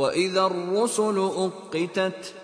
واذا الرسل اقتت